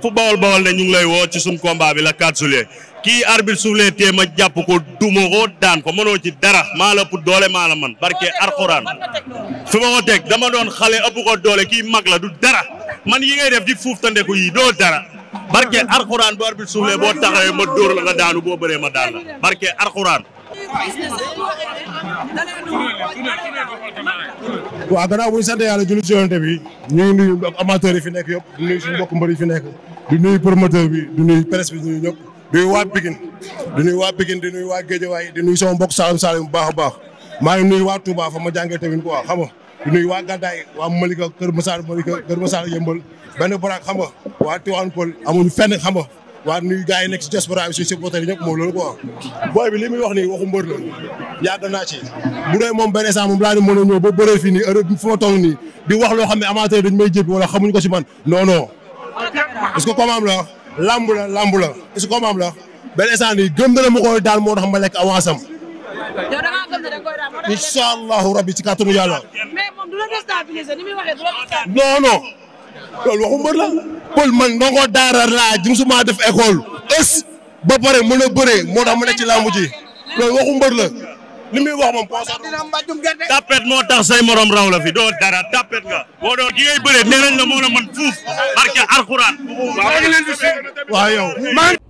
bépp bawol bawol ne ñu ngi lay woo ci suñ combat bi la 4 juillet kii arbitre suuf tee ma jàpp ko duma ko daan ko mënoo ci dara maa la ëpp doole maa la man barke arxuraan fi ma ko teg dama doon xale ëpp ko doole kii mag la du dara man yi ngay def di fuuf tandeku yii doo dara barke ar bu arbitre suuf lee boo taxawee ma dóor la nga daanu boo bëree ma daan la barke arxuraan waa gannaaw bu ñu sant yàlla julli ci yonent bi ñu ngi nuyu yi fi nekk yëpp di nuyu suñu mbokk mbër yi fi nekk di nuyu promoteur bi di di nuyu ñëpp di nuyu waa Pikine di nuyu waa Pikine di nuyu waa Guédiawaye di nuyu sama mbokk Saloum bu baax a baax maa ngi nuyu waa Touba fa ma jàngee tamit quoi xam nga di nuyu waa Gàddaay waa Malika Kër Massar Malika Kër Massar Yëmbal benn baraak xam nga waa Tivaouane Peulh amuñu fenn xam waa nuyu gars yi nekk si diaspora bi suñu supporter yi ñëpp moom loolu quoi booy bi li wax nii waxu la yàgg naa ci bu moom benn moom laa ne mën a ñëw ba bëree fii nii heure bi wax loo xam ne amateur dañu may jébbi wala xamuñ ko si man non non est la lamb la lamb la est-ce que combat am la benn instant nii gëm na ma koy daal moo tax ma lekk avance am incha allahu rabbi ci kàttanu yàlla non non loolu la pël man ndongo daara laa musuma def école ës ba pare mën a bëree moo tax mu nekk ci làmb ji loolu waxu muy wax moom poosar tapet moo tax say morom raw la fi doo dara tapet nga boo doon ki ngay bëree nee nañ la moo barke alxuraan waaw yow